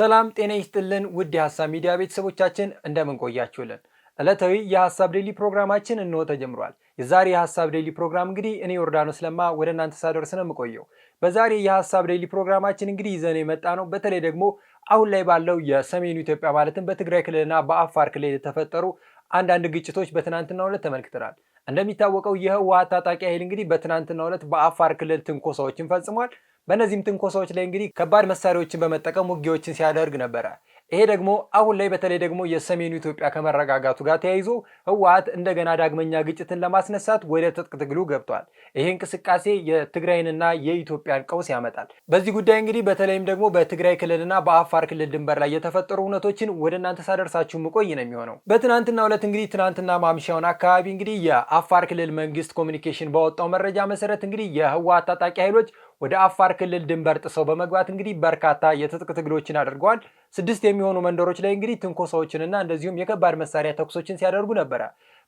ሰላም ጤና ይስጥልን ውድ የሀሳብ ሚዲያ ቤተሰቦቻችን እንደምን ቆያችሁልን? ዕለታዊ የሀሳብ ዴይሊ ፕሮግራማችን እንሆ ተጀምሯል። የዛሬ የሀሳብ ዴይሊ ፕሮግራም እንግዲህ እኔ ዮርዳኖስ ለማ ወደ እናንተ ሳደርስ ነው የምቆየው። በዛሬ የሀሳብ ዴይሊ ፕሮግራማችን እንግዲህ ይዘን የመጣ ነው በተለይ ደግሞ አሁን ላይ ባለው የሰሜኑ ኢትዮጵያ ማለትም በትግራይ ክልልና በአፋር ክልል የተፈጠሩ አንዳንድ ግጭቶች በትናንትናው ዕለት ተመልክተናል። እንደሚታወቀው ውሃ ታጣቂ ኃይል እንግዲህ በትናንትናው ዕለት በአፋር ክልል ትንኮሳዎችን ፈጽሟል። በእነዚህም ትንኮሳዎች ላይ እንግዲህ ከባድ መሳሪያዎችን በመጠቀም ውጊያዎችን ሲያደርግ ነበረ። ይሄ ደግሞ አሁን ላይ በተለይ ደግሞ የሰሜኑ ኢትዮጵያ ከመረጋጋቱ ጋር ተያይዞ ህወሓት እንደገና ዳግመኛ ግጭትን ለማስነሳት ወደ ትጥቅ ትግሉ ገብቷል። ይሄ እንቅስቃሴ የትግራይንና የኢትዮጵያን ቀውስ ያመጣል። በዚህ ጉዳይ እንግዲህ በተለይም ደግሞ በትግራይ ክልልና በአፋር ክልል ድንበር ላይ የተፈጠሩ እውነቶችን ወደ እናንተ ሳደርሳችሁ ምቆይ ነው የሚሆነው። በትናንትና ሁለት እንግዲህ ትናንትና ማምሻውን አካባቢ እንግዲህ የአፋር ክልል መንግስት ኮሚኒኬሽን ባወጣው መረጃ መሰረት እንግዲህ የህወሓት ታጣቂ ኃይሎች ወደ አፋር ክልል ድንበር ጥሰው በመግባት እንግዲህ በርካታ የትጥቅ ትግሎችን አድርገዋል። ስድስት የሚሆኑ መንደሮች ላይ እንግዲህ ትንኮሳዎችንና እንደዚሁም የከባድ መሳሪያ ተኩሶችን ሲያደርጉ ነበረ።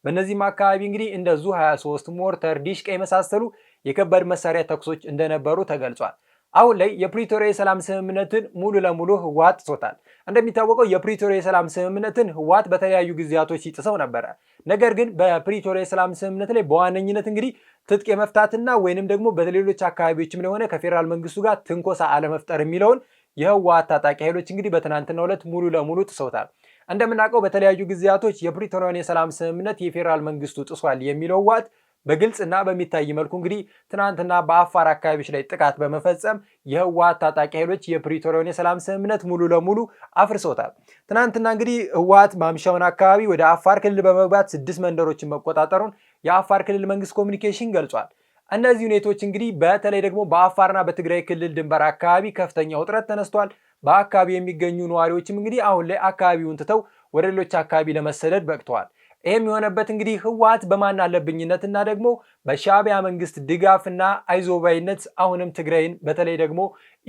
በእነዚህም አካባቢ እንግዲህ እንደዙ 23 ሞርተር፣ ዲሽቃ የመሳሰሉ የከባድ መሳሪያ ተኩሶች እንደነበሩ ተገልጿል። አሁን ላይ የፕሪቶሪያ የሰላም ስምምነትን ሙሉ ለሙሉ ህወሓት ጥሶታል። እንደሚታወቀው የፕሪቶሪያ የሰላም ስምምነትን ህወሓት በተለያዩ ጊዜያቶች ሲጥሰው ነበረ። ነገር ግን በፕሪቶሪያ የሰላም ስምምነት ላይ በዋነኝነት እንግዲህ ትጥቅ የመፍታትና ወይንም ደግሞ በሌሎች አካባቢዎችም ለሆነ ከፌዴራል መንግስቱ ጋር ትንኮሳ አለመፍጠር የሚለውን የህወሓት ታጣቂ ኃይሎች እንግዲህ በትናንትናው ዕለት ሙሉ ለሙሉ ጥሰውታል። እንደምናውቀው በተለያዩ ጊዜያቶች የፕሪቶሪያን የሰላም ስምምነት የፌዴራል መንግስቱ ጥሷል የሚለው ህወሓት በግልጽና በሚታይ መልኩ እንግዲህ ትናንትና በአፋር አካባቢዎች ላይ ጥቃት በመፈጸም የህወሀት ታጣቂ ኃይሎች የፕሪቶሪያውን የሰላም ስምምነት ሙሉ ለሙሉ አፍርሶታል። ትናንትና እንግዲህ ህወሀት ማምሻውን አካባቢ ወደ አፋር ክልል በመግባት ስድስት መንደሮችን መቆጣጠሩን የአፋር ክልል መንግስት ኮሚኒኬሽን ገልጿል። እነዚህ ሁኔታዎች እንግዲህ በተለይ ደግሞ በአፋርና በትግራይ ክልል ድንበር አካባቢ ከፍተኛ ውጥረት ተነስቷል። በአካባቢ የሚገኙ ነዋሪዎችም እንግዲህ አሁን ላይ አካባቢውን ትተው ወደ ሌሎች አካባቢ ለመሰደድ በቅተዋል። ይህም የሆነበት እንግዲህ ህወሓት በማን አለብኝነትና ደግሞ በሻዕቢያ መንግስት ድጋፍና አይዞባይነት አሁንም ትግራይን በተለይ ደግሞ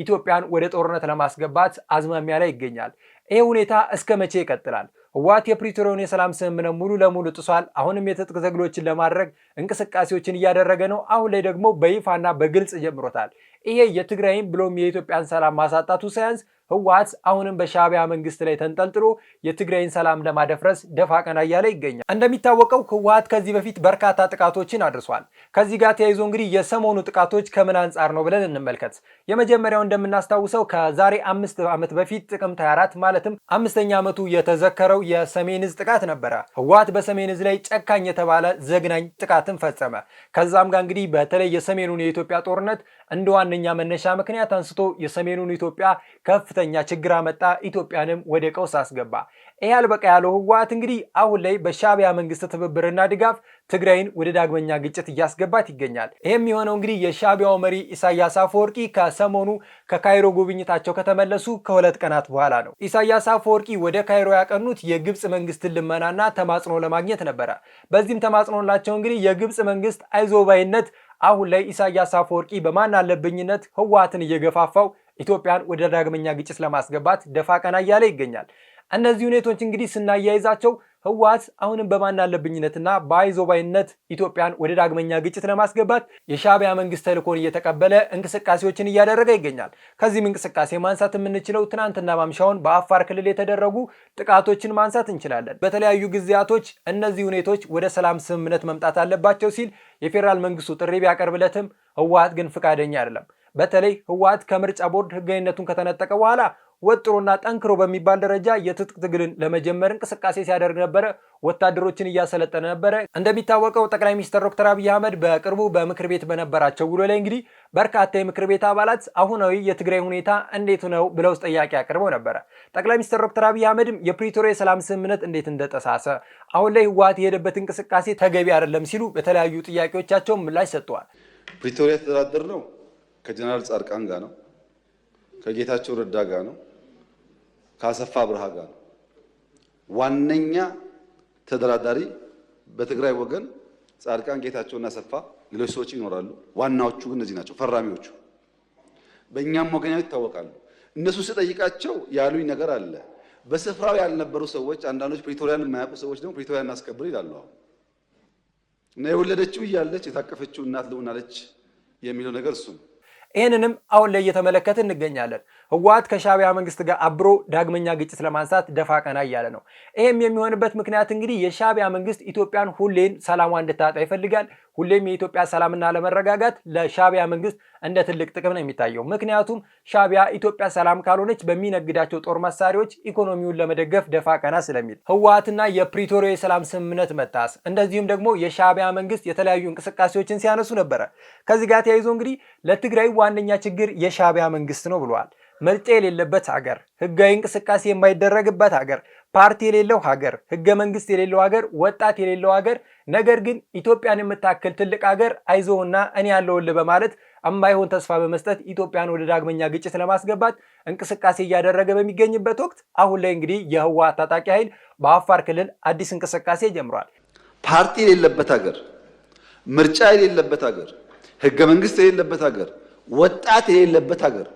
ኢትዮጵያን ወደ ጦርነት ለማስገባት አዝማሚያ ላይ ይገኛል። ይህ ሁኔታ እስከ መቼ ይቀጥላል? ህወሓት የፕሪቶሪያውን የሰላም ስምምነት ሙሉ ለሙሉ ጥሷል። አሁንም የትጥቅ ትግሎችን ለማድረግ እንቅስቃሴዎችን እያደረገ ነው። አሁን ላይ ደግሞ በይፋና በግልጽ ጀምሮታል። ይሄ የትግራይን ብሎም የኢትዮጵያን ሰላም ማሳጣቱ ሳያንስ ህወሓት አሁንም በሻቢያ መንግስት ላይ ተንጠልጥሎ የትግራይን ሰላም ለማደፍረስ ደፋ ቀና እያለ ይገኛል። እንደሚታወቀው ህወሓት ከዚህ በፊት በርካታ ጥቃቶችን አድርሷል። ከዚህ ጋር ተያይዞ እንግዲህ የሰሞኑ ጥቃቶች ከምን አንጻር ነው ብለን እንመልከት። የመጀመሪያው እንደምናስታውሰው ከዛሬ አምስት ዓመት በፊት ጥቅምት 24 ማለትም አምስተኛ ዓመቱ የተዘከረው የሰሜን ዕዝ ጥቃት ነበረ። ህወሓት በሰሜን ዕዝ ላይ ጨካኝ የተባለ ዘግናኝ ጥቃትን ፈጸመ። ከዛም ጋር እንግዲህ በተለይ የሰሜኑን የኢትዮጵያ ጦርነት እንደ ዋነኛ መነሻ ምክንያት አንስቶ የሰሜኑን ኢትዮጵያ ከፍተ ከፍተኛ ችግር አመጣ፣ ኢትዮጵያንም ወደ ቀውስ አስገባ። ይህ አልበቃ ያለው ህወሓት እንግዲህ አሁን ላይ በሻቢያ መንግስት ትብብርና ድጋፍ ትግራይን ወደ ዳግመኛ ግጭት እያስገባት ይገኛል። ይህም የሆነው እንግዲህ የሻቢያው መሪ ኢሳያስ አፈወርቂ ከሰሞኑ ከካይሮ ጉብኝታቸው ከተመለሱ ከሁለት ቀናት በኋላ ነው። ኢሳያስ አፈወርቂ ወደ ካይሮ ያቀኑት የግብፅ መንግስትን ልመናና ተማጽኖ ለማግኘት ነበረ። በዚህም ተማጽኖላቸው እንግዲህ የግብፅ መንግስት አይዞባይነት አሁን ላይ ኢሳያስ አፈወርቂ በማን አለብኝነት ህወሓትን እየገፋፋው ኢትዮጵያን ወደ ዳግመኛ ግጭት ለማስገባት ደፋ ቀና እያለ ይገኛል። እነዚህ ሁኔታዎች እንግዲህ ስናያይዛቸው ህወሓት አሁንም በማን አለብኝነትና በአይዞባይነት ኢትዮጵያን ወደ ዳግመኛ ግጭት ለማስገባት የሻዕቢያ መንግስት ተልእኮን እየተቀበለ እንቅስቃሴዎችን እያደረገ ይገኛል። ከዚህም እንቅስቃሴ ማንሳት የምንችለው ትናንትና ማምሻውን በአፋር ክልል የተደረጉ ጥቃቶችን ማንሳት እንችላለን። በተለያዩ ጊዜያቶች እነዚህ ሁኔታዎች ወደ ሰላም ስምምነት መምጣት አለባቸው ሲል የፌዴራል መንግስቱ ጥሪ ቢያቀርብለትም ህወሓት ግን ፍቃደኛ አይደለም። በተለይ ህወሓት ከምርጫ ቦርድ ህጋዊነቱን ከተነጠቀ በኋላ ወጥሮና ጠንክሮ በሚባል ደረጃ የትጥቅ ትግልን ለመጀመር እንቅስቃሴ ሲያደርግ ነበረ። ወታደሮችን እያሰለጠነ ነበረ። እንደሚታወቀው ጠቅላይ ሚኒስትር ዶክተር አብይ አህመድ በቅርቡ በምክር ቤት በነበራቸው ውሎ ላይ እንግዲህ በርካታ የምክር ቤት አባላት አሁናዊ የትግራይ ሁኔታ እንዴት ነው ብለው ጥያቄ አቅርበው ነበረ። ጠቅላይ ሚኒስትር ዶክተር አብይ አህመድም የፕሪቶሪያ የሰላም ስምምነት እንዴት እንደጠሳሰ አሁን ላይ ህወሓት የሄደበት እንቅስቃሴ ተገቢ አይደለም ሲሉ የተለያዩ ጥያቄዎቻቸው ምላሽ ሰጥተዋል። ፕሪቶሪያ ተደራደር ነው ከጀነራል ጻድቃን ጋር ነው፣ ከጌታቸው ረዳ ጋር ነው፣ ከአሰፋ ብርሃ ጋር ነው። ዋነኛ ተደራዳሪ በትግራይ ወገን ጻድቃን፣ ጌታቸውና አሰፋ፣ ሌሎች ሰዎች ይኖራሉ። ዋናዎቹ ግን እነዚህ ናቸው፣ ፈራሚዎቹ። በእኛም ወገን ይታወቃሉ። እነሱ ስጠይቃቸው ያሉኝ ነገር አለ። በስፍራው ያልነበሩ ሰዎች፣ አንዳንዶች ፕሪቶሪያን የማያውቁ ሰዎች ደግሞ ፕሪቶሪያን እናስከብር ይላሉ። አሁን እና የወለደችው እያለች የታቀፈችው እናት ልሆናለች የሚለው ነገር እሱ ነው። ይህንንም አሁን ላይ እየተመለከት እንገኛለን። ህወሓት ከሻቢያ መንግስት ጋር አብሮ ዳግመኛ ግጭት ለማንሳት ደፋ ቀና እያለ ነው። ይህም የሚሆንበት ምክንያት እንግዲህ የሻቢያ መንግስት ኢትዮጵያን ሁሌም ሰላሟ እንድታጣ ይፈልጋል። ሁሌም የኢትዮጵያ ሰላምና ለመረጋጋት ለሻቢያ መንግስት እንደ ትልቅ ጥቅም ነው የሚታየው። ምክንያቱም ሻቢያ ኢትዮጵያ ሰላም ካልሆነች በሚነግዳቸው ጦር መሳሪያዎች ኢኮኖሚውን ለመደገፍ ደፋ ቀና ስለሚል ህወሓትና የፕሪቶሪያ የሰላም ስምምነት መጣስ፣ እንደዚሁም ደግሞ የሻቢያ መንግስት የተለያዩ እንቅስቃሴዎችን ሲያነሱ ነበረ። ከዚህ ጋር ተያይዞ እንግዲህ ለትግራይ ዋነኛ ችግር የሻቢያ መንግስት ነው ብለዋል። ምርጫ የሌለበት ሀገር፣ ህጋዊ እንቅስቃሴ የማይደረግበት ሀገር፣ ፓርቲ የሌለው ሀገር፣ ህገ መንግስት የሌለው ሀገር፣ ወጣት የሌለው ሀገር፣ ነገር ግን ኢትዮጵያን የምታክል ትልቅ ሀገር አይዞህና እኔ ያለውል በማለት እማይሆን ተስፋ በመስጠት ኢትዮጵያን ወደ ዳግመኛ ግጭት ለማስገባት እንቅስቃሴ እያደረገ በሚገኝበት ወቅት አሁን ላይ እንግዲህ የህወሓት ታጣቂ ኃይል በአፋር ክልል አዲስ እንቅስቃሴ ጀምሯል። ፓርቲ የሌለበት ሀገር፣ ምርጫ የሌለበት ሀገር፣ ህገ መንግስት የሌለበት ሀገር፣ ወጣት የሌለበት ሀገር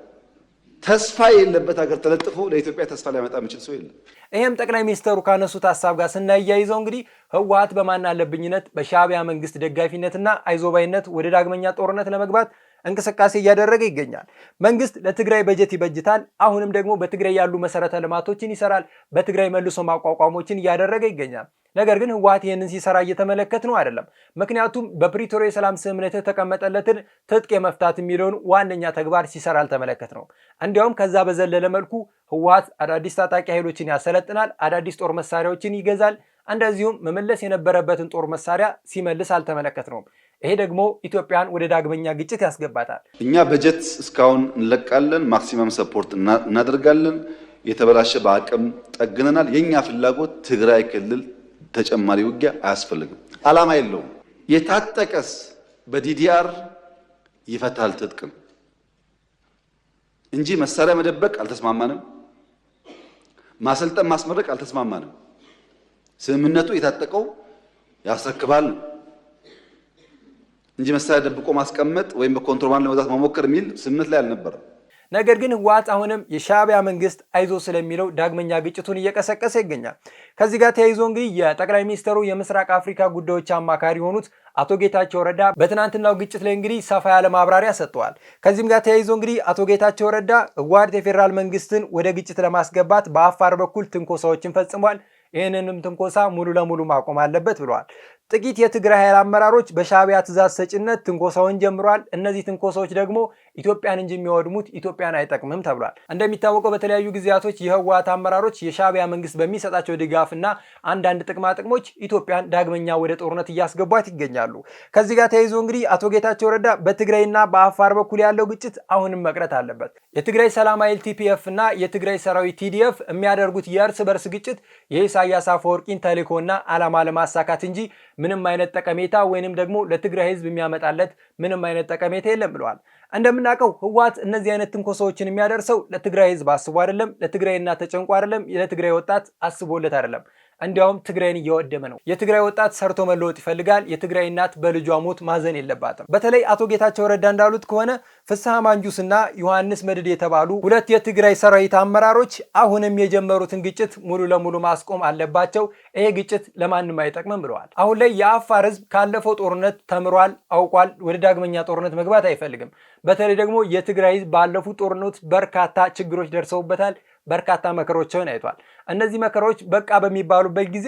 ተስፋ የለበት ሀገር ተለጥፎ ለኢትዮጵያ ተስፋ ሊያመጣ የሚችል ሰው የለም። ይህም ጠቅላይ ሚኒስትሩ ካነሱት ሀሳብ ጋር ስናያይዘው እንግዲህ ህወሀት በማን አለብኝነት በሻዕቢያ መንግስት ደጋፊነትና አይዞባይነት ወደ ዳግመኛ ጦርነት ለመግባት እንቅስቃሴ እያደረገ ይገኛል። መንግስት ለትግራይ በጀት ይበጅታል። አሁንም ደግሞ በትግራይ ያሉ መሰረተ ልማቶችን ይሰራል። በትግራይ መልሶ ማቋቋሞችን እያደረገ ይገኛል። ነገር ግን ህወሀት ይህንን ሲሰራ እየተመለከት ነው አይደለም። ምክንያቱም በፕሪቶሪያ የሰላም ስምምነት የተቀመጠለትን ትጥቅ የመፍታት የሚለውን ዋነኛ ተግባር ሲሰራ አልተመለከት ነው። እንዲያውም ከዛ በዘለለ መልኩ ህወሀት አዳዲስ ታጣቂ ኃይሎችን ያሰለጥናል፣ አዳዲስ ጦር መሳሪያዎችን ይገዛል። እንደዚሁም መመለስ የነበረበትን ጦር መሳሪያ ሲመልስ አልተመለከት ነው። ይሄ ደግሞ ኢትዮጵያን ወደ ዳግመኛ ግጭት ያስገባታል። እኛ በጀት እስካሁን እንለቃለን፣ ማክሲመም ሰፖርት እናደርጋለን። የተበላሸ በአቅም ጠግነናል። የእኛ ፍላጎት ትግራይ ክልል ተጨማሪ ውጊያ አያስፈልግም። ዓላማ የለውም። የታጠቀስ በዲዲአር ይፈታል ትጥቅም እንጂ መሳሪያ መደበቅ አልተስማማንም። ማሰልጠን ማስመረቅ አልተስማማንም። ስምምነቱ የታጠቀው ያስረክባል ነው እንጂ መሳሪያ ደብቆ ማስቀመጥ ወይም በኮንትሮባንድ ለመግዛት መሞከር የሚል ስምምነት ላይ አልነበረም። ነገር ግን ህወሓት አሁንም የሻዕቢያ መንግስት አይዞ ስለሚለው ዳግመኛ ግጭቱን እየቀሰቀሰ ይገኛል። ከዚህ ጋር ተያይዞ እንግዲህ የጠቅላይ ሚኒስትሩ የምስራቅ አፍሪካ ጉዳዮች አማካሪ የሆኑት አቶ ጌታቸው ረዳ በትናንትናው ግጭት ላይ እንግዲህ ሰፋ ያለ ማብራሪያ ሰጥተዋል። ከዚህም ጋር ተያይዞ እንግዲህ አቶ ጌታቸው ረዳ ህወሓት የፌዴራል መንግስትን ወደ ግጭት ለማስገባት በአፋር በኩል ትንኮሳዎችን ፈጽሟል፣ ይህንንም ትንኮሳ ሙሉ ለሙሉ ማቆም አለበት ብለዋል። ጥቂት የትግራይ ኃይል አመራሮች በሻቢያ ትእዛዝ ሰጭነት ትንኮሳውን ጀምረዋል። እነዚህ ትንኮሳዎች ደግሞ ኢትዮጵያን እንጂ የሚወድሙት ኢትዮጵያን አይጠቅምም ተብሏል። እንደሚታወቀው በተለያዩ ጊዜያቶች የህወሓት አመራሮች የሻቢያ መንግስት በሚሰጣቸው ድጋፍና አንዳንድ ጥቅማ ጥቅሞች ኢትዮጵያን ዳግመኛ ወደ ጦርነት እያስገቧት ይገኛሉ። ከዚህ ጋር ተያይዞ እንግዲህ አቶ ጌታቸው ረዳ በትግራይና በአፋር በኩል ያለው ግጭት አሁንም መቅረት አለበት፣ የትግራይ ሰላም ኃይል ቲፒኤፍ እና የትግራይ ሰራዊት ቲዲኤፍ የሚያደርጉት የእርስ በርስ ግጭት የኢሳያስ አፈወርቂን ተልዕኮና አላማ ለማሳካት እንጂ ምንም አይነት ጠቀሜታ ወይንም ደግሞ ለትግራይ ህዝብ የሚያመጣለት ምንም አይነት ጠቀሜታ የለም ብለዋል። እንደምናውቀው ህወሓት እነዚህ አይነት ትንኮሳዎችን የሚያደርሰው ለትግራይ ህዝብ አስቦ አይደለም፣ ለትግራይ እናት ተጨንቆ አይደለም፣ ለትግራይ ወጣት አስቦለት አይደለም። እንዲያውም ትግራይን እየወደመ ነው። የትግራይ ወጣት ሰርቶ መለወጥ ይፈልጋል። የትግራይ እናት በልጇ ሞት ማዘን የለባትም። በተለይ አቶ ጌታቸው ረዳ እንዳሉት ከሆነ ፍስሐ ማንጁስና ዮሐንስ መድድ የተባሉ ሁለት የትግራይ ሰራዊት አመራሮች አሁንም የጀመሩትን ግጭት ሙሉ ለሙሉ ማስቆም አለባቸው። ይሄ ግጭት ለማንም አይጠቅምም ብለዋል። አሁን ላይ የአፋር ህዝብ ካለፈው ጦርነት ተምሯል፣ አውቋል። ወደ ዳግመኛ ጦርነት መግባት አይፈልግም። በተለይ ደግሞ የትግራይ ህዝብ ባለፉት ጦርነት በርካታ ችግሮች ደርሰውበታል። በርካታ መከሮችን አይቷል። እነዚህ መከሮች በቃ በሚባሉበት ጊዜ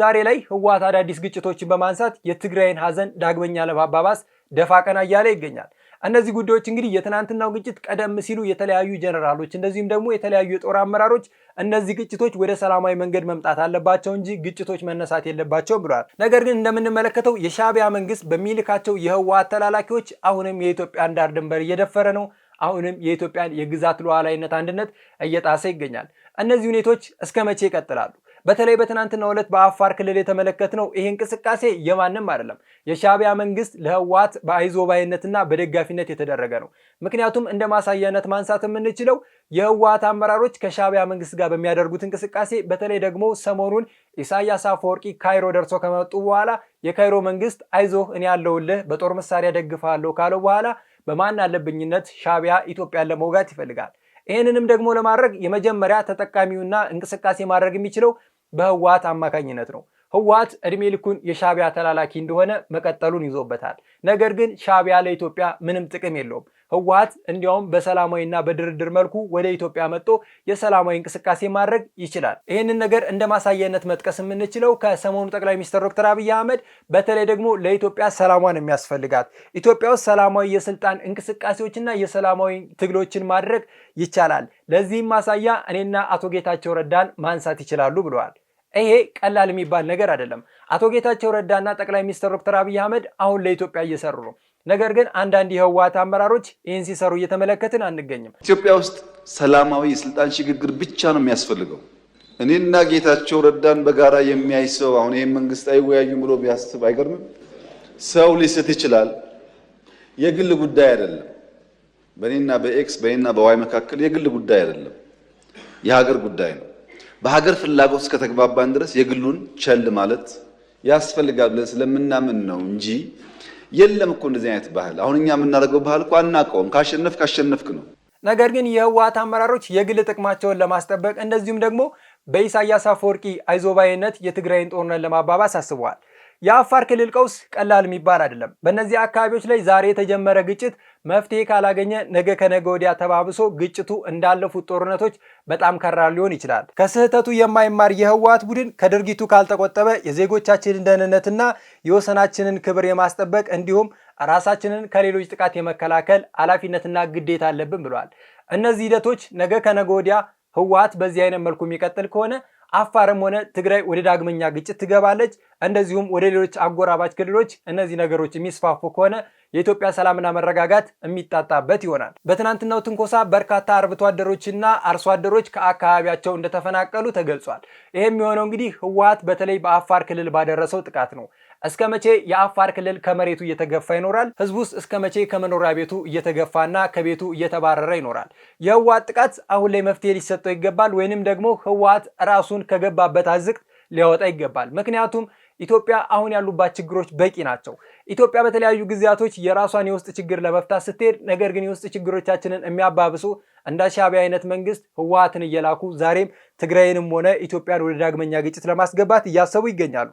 ዛሬ ላይ ህወሓት አዳዲስ ግጭቶችን በማንሳት የትግራይን ሀዘን ዳግመኛ ለማባባስ ደፋ ቀና እያለ ይገኛል። እነዚህ ጉዳዮች እንግዲህ የትናንትናው ግጭት ቀደም ሲሉ የተለያዩ ጀነራሎች እንደዚሁም ደግሞ የተለያዩ የጦር አመራሮች እነዚህ ግጭቶች ወደ ሰላማዊ መንገድ መምጣት አለባቸው እንጂ ግጭቶች መነሳት የለባቸውም ብለዋል። ነገር ግን እንደምንመለከተው የሻቢያ መንግስት በሚልካቸው የህወሓት ተላላኪዎች አሁንም የኢትዮጵያን ዳር ድንበር እየደፈረ ነው። አሁንም የኢትዮጵያን የግዛት ሉዓላዊነት አንድነት እየጣሰ ይገኛል። እነዚህ ሁኔቶች እስከ መቼ ይቀጥላሉ? በተለይ በትናንትናው ዕለት በአፋር ክልል የተመለከትነው ይህ እንቅስቃሴ የማንም አይደለም። የሻዕቢያ መንግስት ለህወሓት በአይዞባይነትና በደጋፊነት የተደረገ ነው። ምክንያቱም እንደ ማሳያነት ማንሳት የምንችለው የህወሓት አመራሮች ከሻዕቢያ መንግስት ጋር በሚያደርጉት እንቅስቃሴ፣ በተለይ ደግሞ ሰሞኑን ኢሳያስ አፈወርቂ ካይሮ ደርሶ ከመጡ በኋላ የካይሮ መንግስት አይዞህ እኔ ያለውልህ በጦር መሳሪያ ደግፋለሁ ካለው በኋላ በማን አለብኝነት ሻቢያ ኢትዮጵያን ለመውጋት ይፈልጋል። ይህንንም ደግሞ ለማድረግ የመጀመሪያ ተጠቃሚውና እንቅስቃሴ ማድረግ የሚችለው በህወሓት አማካኝነት ነው። ህወሓት እድሜ ልኩን የሻቢያ ተላላኪ እንደሆነ መቀጠሉን ይዞበታል። ነገር ግን ሻቢያ ለኢትዮጵያ ምንም ጥቅም የለውም። ህወሀት እንዲያውም በሰላማዊና በድርድር መልኩ ወደ ኢትዮጵያ መጥቶ የሰላማዊ እንቅስቃሴ ማድረግ ይችላል። ይህንን ነገር እንደ ማሳያነት መጥቀስ የምንችለው ከሰሞኑ ጠቅላይ ሚኒስትር ዶክተር አብይ አህመድ በተለይ ደግሞ ለኢትዮጵያ ሰላሟን የሚያስፈልጋት ኢትዮጵያ ውስጥ ሰላማዊ የስልጣን እንቅስቃሴዎችና የሰላማዊ ትግሎችን ማድረግ ይቻላል። ለዚህም ማሳያ እኔና አቶ ጌታቸው ረዳን ማንሳት ይችላሉ ብለዋል። ይሄ ቀላል የሚባል ነገር አይደለም። አቶ ጌታቸው ረዳና ጠቅላይ ሚኒስትር ዶክተር አብይ አህመድ አሁን ለኢትዮጵያ እየሰሩ ነው። ነገር ግን አንዳንድ የህወሓት አመራሮች ይህን ሲሰሩ እየተመለከትን አንገኝም። ኢትዮጵያ ውስጥ ሰላማዊ የስልጣን ሽግግር ብቻ ነው የሚያስፈልገው። እኔና ጌታቸው ረዳን በጋራ የሚያይ ሰው አሁን ይህም መንግስት አይወያዩም ብሎ ቢያስብ አይገርምም። ሰው ሊስት ይችላል። የግል ጉዳይ አይደለም። በእኔና በኤክስ በእኔና በዋይ መካከል የግል ጉዳይ አይደለም፣ የሀገር ጉዳይ ነው። በሀገር ፍላጎት እስከተግባባን ድረስ የግሉን ቸል ማለት ያስፈልጋል ብለን ስለምናምን ነው እንጂ የለም እኮ እንደዚህ አይነት ባህል። አሁን እኛ የምናደርገው ባህል እኮ አናውቀውም። ካሸነፍክ አሸነፍክ ነው። ነገር ግን የህወሓት አመራሮች የግል ጥቅማቸውን ለማስጠበቅ እንደዚሁም ደግሞ በኢሳያስ አፈወርቂ አይዞባይነት የትግራይን ጦርነት ለማባባስ አስበዋል። የአፋር ክልል ቀውስ ቀላል የሚባል አይደለም። በእነዚህ አካባቢዎች ላይ ዛሬ የተጀመረ ግጭት መፍትሄ ካላገኘ ነገ ከነገ ወዲያ ተባብሶ ግጭቱ እንዳለፉት ጦርነቶች በጣም ከራር ሊሆን ይችላል። ከስህተቱ የማይማር የህወሓት ቡድን ከድርጊቱ ካልተቆጠበ የዜጎቻችንን ደህንነትና የወሰናችንን ክብር የማስጠበቅ እንዲሁም ራሳችንን ከሌሎች ጥቃት የመከላከል ኃላፊነትና ግዴታ አለብን ብሏል። እነዚህ ሂደቶች ነገ ከነገ ወዲያ ህወሓት በዚህ አይነት መልኩ የሚቀጥል ከሆነ አፋርም ሆነ ትግራይ ወደ ዳግመኛ ግጭት ትገባለች። እንደዚሁም ወደ ሌሎች አጎራባች ክልሎች እነዚህ ነገሮች የሚስፋፉ ከሆነ የኢትዮጵያ ሰላምና መረጋጋት የሚጣጣበት ይሆናል። በትናንትናው ትንኮሳ በርካታ አርብቶ አደሮችና አርሶ አደሮች ከአካባቢያቸው እንደተፈናቀሉ ተገልጿል። ይህም የሆነው እንግዲህ ህወሓት በተለይ በአፋር ክልል ባደረሰው ጥቃት ነው። እስከ መቼ የአፋር ክልል ከመሬቱ እየተገፋ ይኖራል? ህዝቡ ውስጥ እስከ መቼ ከመኖሪያ ቤቱ እየተገፋና ከቤቱ እየተባረረ ይኖራል? የህወሓት ጥቃት አሁን ላይ መፍትሄ ሊሰጠው ይገባል፣ ወይንም ደግሞ ህወሓት ራሱን ከገባበት አዝቅት ሊያወጣ ይገባል። ምክንያቱም ኢትዮጵያ አሁን ያሉባት ችግሮች በቂ ናቸው። ኢትዮጵያ በተለያዩ ጊዜያቶች የራሷን የውስጥ ችግር ለመፍታት ስትሄድ፣ ነገር ግን የውስጥ ችግሮቻችንን የሚያባብሱ እንደ ሻዕቢያ አይነት መንግስት ህወሀትን እየላኩ ዛሬም ትግራይንም ሆነ ኢትዮጵያን ወደ ዳግመኛ ግጭት ለማስገባት እያሰቡ ይገኛሉ።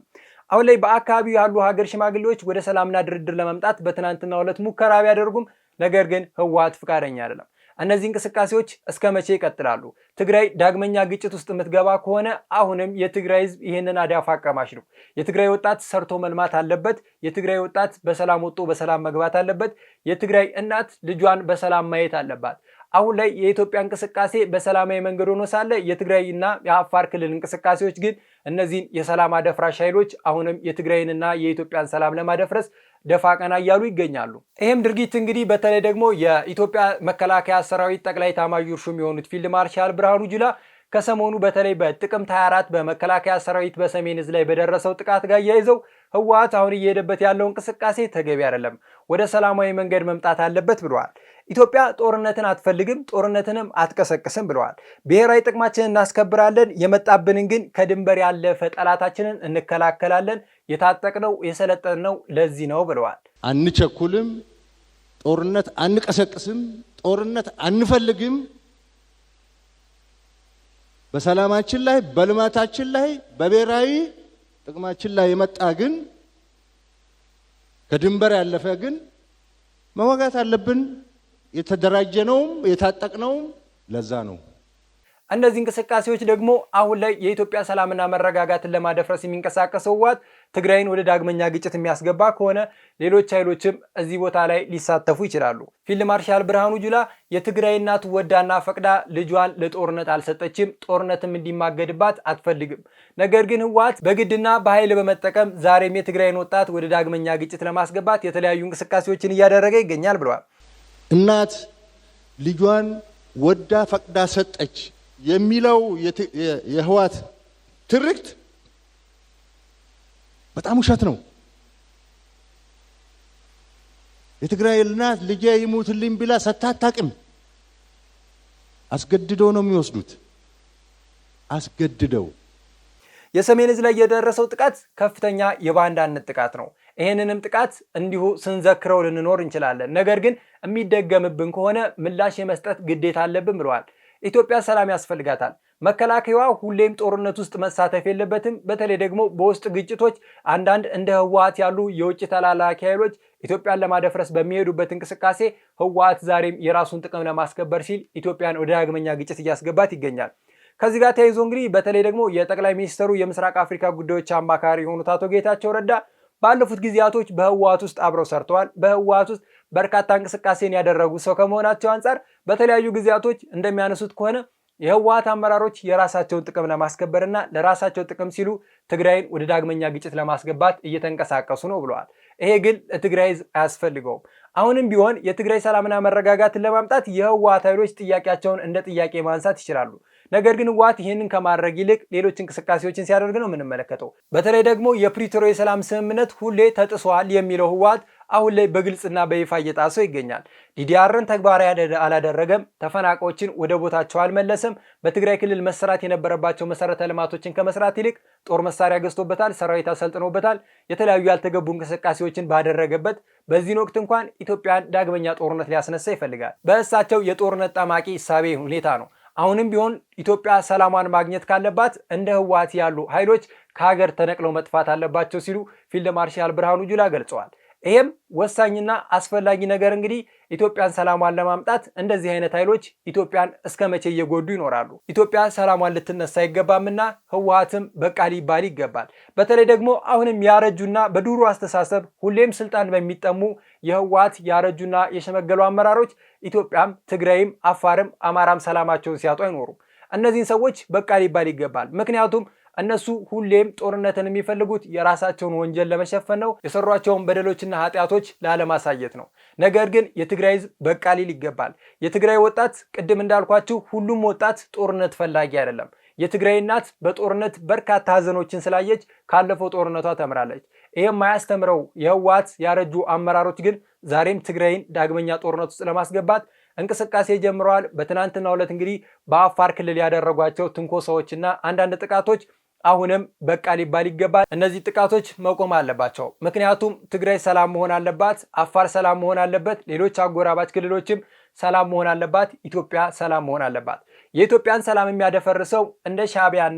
አሁን ላይ በአካባቢው ያሉ ሀገር ሽማግሌዎች ወደ ሰላምና ድርድር ለመምጣት በትናንትናው ዕለት ሙከራ ቢያደርጉም ነገር ግን ህወሀት ፍቃደኛ አይደለም። እነዚህ እንቅስቃሴዎች እስከ መቼ ይቀጥላሉ? ትግራይ ዳግመኛ ግጭት ውስጥ የምትገባ ከሆነ አሁንም የትግራይ ህዝብ ይህንን አዳፋ አቀማሽ ነው። የትግራይ ወጣት ሰርቶ መልማት አለበት። የትግራይ ወጣት በሰላም ወጥቶ በሰላም መግባት አለበት። የትግራይ እናት ልጇን በሰላም ማየት አለባት። አሁን ላይ የኢትዮጵያ እንቅስቃሴ በሰላማዊ መንገድ ሆኖ ሳለ የትግራይና የአፋር ክልል እንቅስቃሴዎች ግን እነዚህን የሰላም አደፍራሽ ኃይሎች አሁንም የትግራይንና የኢትዮጵያን ሰላም ለማደፍረስ ደፋ ቀና እያሉ ይገኛሉ። ይህም ድርጊት እንግዲህ በተለይ ደግሞ የኢትዮጵያ መከላከያ ሰራዊት ጠቅላይ ኤታማዦር ሹም የሆኑት ፊልድ ማርሻል ብርሃኑ ጁላ ከሰሞኑ በተለይ በጥቅምት 24 በመከላከያ ሰራዊት በሰሜን እዝ ላይ በደረሰው ጥቃት ጋር እያይዘው ህወሓት አሁን እየሄደበት ያለው እንቅስቃሴ ተገቢ አይደለም፣ ወደ ሰላማዊ መንገድ መምጣት አለበት ብለዋል። ኢትዮጵያ ጦርነትን አትፈልግም፣ ጦርነትንም አትቀሰቅስም ብለዋል። ብሔራዊ ጥቅማችንን እናስከብራለን፣ የመጣብንን ግን ከድንበር ያለፈ ጠላታችንን እንከላከላለን። የታጠቅነው የሰለጠነው ለዚህ ነው ብለዋል። አንቸኩልም፣ ጦርነት አንቀሰቅስም፣ ጦርነት አንፈልግም። በሰላማችን ላይ በልማታችን ላይ በብሔራዊ ጥቅማችን ላይ የመጣ ግን ከድንበር ያለፈ ግን መዋጋት አለብን። የተደራጀነውም የታጠቅነውም ለዛ ነው። እነዚህ እንቅስቃሴዎች ደግሞ አሁን ላይ የኢትዮጵያ ሰላምና መረጋጋትን ለማደፍረስ የሚንቀሳቀሰው ህወሓት ትግራይን ወደ ዳግመኛ ግጭት የሚያስገባ ከሆነ ሌሎች ኃይሎችም እዚህ ቦታ ላይ ሊሳተፉ ይችላሉ። ፊልድ ማርሻል ብርሃኑ ጁላ የትግራይ እናት ወዳና ፈቅዳ ልጇን ለጦርነት አልሰጠችም፣ ጦርነትም እንዲማገድባት አትፈልግም። ነገር ግን ህወሓት በግድና በኃይል በመጠቀም ዛሬም የትግራይን ወጣት ወደ ዳግመኛ ግጭት ለማስገባት የተለያዩ እንቅስቃሴዎችን እያደረገ ይገኛል ብለዋል። እናት ልጇን ወዳ ፈቅዳ ሰጠች የሚለው የህዋት ትርክት በጣም ውሸት ነው። የትግራይ እናት ልጄ ይሙትልኝ ብላ ሰታ አታቅም አስገድደው ነው የሚወስዱት። አስገድደው የሰሜን እዝ ላይ የደረሰው ጥቃት ከፍተኛ የባንዳነት ጥቃት ነው። ይህንንም ጥቃት እንዲሁ ስንዘክረው ልንኖር እንችላለን። ነገር ግን የሚደገምብን ከሆነ ምላሽ የመስጠት ግዴታ አለብን ብለዋል። ኢትዮጵያ ሰላም ያስፈልጋታል። መከላከያዋ ሁሌም ጦርነት ውስጥ መሳተፍ የለበትም። በተለይ ደግሞ በውስጥ ግጭቶች አንዳንድ እንደ ህወሀት ያሉ የውጭ ተላላኪ ኃይሎች ኢትዮጵያን ለማደፍረስ በሚሄዱበት እንቅስቃሴ ህወሀት ዛሬም የራሱን ጥቅም ለማስከበር ሲል ኢትዮጵያን ወደ ዳግመኛ ግጭት እያስገባት ይገኛል። ከዚህ ጋር ተያይዞ እንግዲህ በተለይ ደግሞ የጠቅላይ ሚኒስትሩ የምስራቅ አፍሪካ ጉዳዮች አማካሪ የሆኑት አቶ ጌታቸው ረዳ ባለፉት ጊዜያቶች በህወሓት ውስጥ አብረው ሰርተዋል። በህወሓት ውስጥ በርካታ እንቅስቃሴን ያደረጉ ሰው ከመሆናቸው አንጻር በተለያዩ ጊዜያቶች እንደሚያነሱት ከሆነ የህወሓት አመራሮች የራሳቸውን ጥቅም ለማስከበርና ለራሳቸው ጥቅም ሲሉ ትግራይን ወደ ዳግመኛ ግጭት ለማስገባት እየተንቀሳቀሱ ነው ብለዋል። ይሄ ግን ለትግራይ ህዝብ አያስፈልገውም። አሁንም ቢሆን የትግራይ ሰላምና መረጋጋትን ለማምጣት የህወሓት ኃይሎች ጥያቄያቸውን እንደ ጥያቄ ማንሳት ይችላሉ። ነገር ግን ህወሓት ይህንን ከማድረግ ይልቅ ሌሎች እንቅስቃሴዎችን ሲያደርግ ነው የምንመለከተው። በተለይ ደግሞ የፕሪቶሪያ የሰላም ስምምነት ሁሌ ተጥሷል የሚለው ህወሓት አሁን ላይ በግልጽና በይፋ እየጣሰው ይገኛል። ዲዲአርን ተግባራዊ አላደረገም፣ ተፈናቃዮችን ወደ ቦታቸው አልመለሰም፣ በትግራይ ክልል መሰራት የነበረባቸው መሰረተ ልማቶችን ከመስራት ይልቅ ጦር መሳሪያ ገዝቶበታል፣ ሰራዊት አሰልጥኖበታል፣ የተለያዩ ያልተገቡ እንቅስቃሴዎችን ባደረገበት በዚህን ወቅት እንኳን ኢትዮጵያን ዳግመኛ ጦርነት ሊያስነሳ ይፈልጋል። በእሳቸው የጦርነት ጠማቂ እሳቤ ሁኔታ ነው አሁንም ቢሆን ኢትዮጵያ ሰላሟን ማግኘት ካለባት እንደ ህወሓት ያሉ ኃይሎች ከሀገር ተነቅለው መጥፋት አለባቸው ሲሉ ፊልድ ማርሻል ብርሃኑ ጁላ ገልጸዋል። ይሄም ወሳኝና አስፈላጊ ነገር እንግዲህ ኢትዮጵያን ሰላሟን ለማምጣት እንደዚህ አይነት ኃይሎች ኢትዮጵያን እስከ መቼ እየጎዱ ይኖራሉ? ኢትዮጵያ ሰላሟን ልትነሳ አይገባምና ህወሀትም በቃ ሊባል ይገባል። በተለይ ደግሞ አሁንም ያረጁና በዱሮ አስተሳሰብ ሁሌም ስልጣን በሚጠሙ የህወሀት ያረጁና የሸመገሉ አመራሮች ኢትዮጵያም፣ ትግራይም፣ አፋርም፣ አማራም ሰላማቸውን ሲያጡ አይኖሩም። እነዚህን ሰዎች በቃ ሊባል ይገባል። ምክንያቱም እነሱ ሁሌም ጦርነትን የሚፈልጉት የራሳቸውን ወንጀል ለመሸፈን ነው፣ የሰሯቸውን በደሎችና ኃጢአቶች ላለማሳየት ነው። ነገር ግን የትግራይ ህዝብ በቃ ሊል ይገባል። የትግራይ ወጣት ቅድም እንዳልኳችሁ ሁሉም ወጣት ጦርነት ፈላጊ አይደለም። የትግራይ እናት በጦርነት በርካታ ሀዘኖችን ስላየች ካለፈው ጦርነቷ ተምራለች። ይህ የማያስተምረው የህወሓት ያረጁ አመራሮች ግን ዛሬም ትግራይን ዳግመኛ ጦርነት ውስጥ ለማስገባት እንቅስቃሴ ጀምረዋል። በትናንትናው ዕለት እንግዲህ በአፋር ክልል ያደረጓቸው ትንኮሳዎችና አንዳንድ ጥቃቶች አሁንም በቃ ሊባል ይገባል። እነዚህ ጥቃቶች መቆም አለባቸው። ምክንያቱም ትግራይ ሰላም መሆን አለባት፣ አፋር ሰላም መሆን አለበት፣ ሌሎች አጎራባች ክልሎችም ሰላም መሆን አለባት። ኢትዮጵያ ሰላም መሆን አለባት። የኢትዮጵያን ሰላም የሚያደፈርሰው እንደ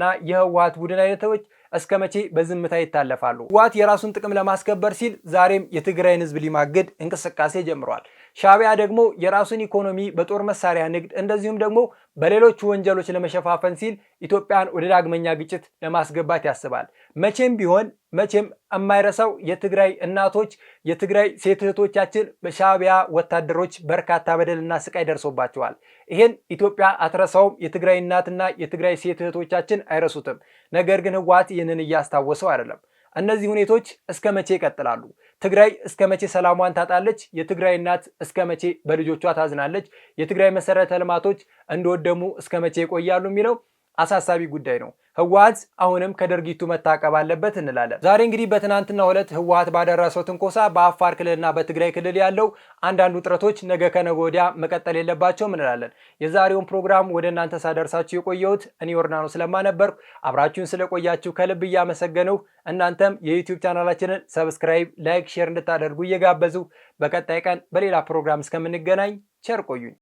ና የህወሀት ቡድን አይነቶች እስከ መቼ በዝምታ ይታለፋሉ? ህወሀት የራሱን ጥቅም ለማስከበር ሲል ዛሬም የትግራይን ህዝብ ሊማግድ እንቅስቃሴ ጀምሯል። ሻቢያ ደግሞ የራሱን ኢኮኖሚ በጦር መሳሪያ ንግድ እንደዚሁም ደግሞ በሌሎች ወንጀሎች ለመሸፋፈን ሲል ኢትዮጵያን ወደ ዳግመኛ ግጭት ለማስገባት ያስባል። መቼም ቢሆን መቼም የማይረሳው የትግራይ እናቶች፣ የትግራይ ሴት እህቶቻችን በሻቢያ ወታደሮች በርካታ በደልና ስቃይ ደርሶባቸዋል። ይሄን ኢትዮጵያ አትረሳውም። የትግራይ እናትና የትግራይ ሴት እህቶቻችን አይረሱትም። ነገር ግን ህወሓት ይህንን እያስታወሰው አይደለም። እነዚህ ሁኔቶች እስከ መቼ ይቀጥላሉ? ትግራይ እስከ መቼ ሰላሟን ታጣለች? የትግራይ እናት እስከ መቼ በልጆቿ ታዝናለች? የትግራይ መሰረተ ልማቶች እንደወደሙ እስከ መቼ ይቆያሉ የሚለው አሳሳቢ ጉዳይ ነው። ህወሀት አሁንም ከድርጊቱ መታቀብ አለበት እንላለን። ዛሬ እንግዲህ በትናንትናው ዕለት ህወሀት ባደረሰው ትንኮሳ በአፋር ክልልና በትግራይ ክልል ያለው አንዳንድ ውጥረቶች ነገ ከነገ ወዲያ መቀጠል የለባቸውም እንላለን። የዛሬውን ፕሮግራም ወደ እናንተ ሳደርሳችሁ የቆየሁት እኔ ዮርዳኖስ ለማ ነበርኩ። አብራችሁን ስለቆያችሁ ከልብ እያመሰገንሁ እናንተም የዩቲዩብ ቻናላችንን ሰብስክራይብ፣ ላይክ፣ ሼር እንድታደርጉ እየጋበዙ በቀጣይ ቀን በሌላ ፕሮግራም እስከምንገናኝ ቸር ቆዩኝ።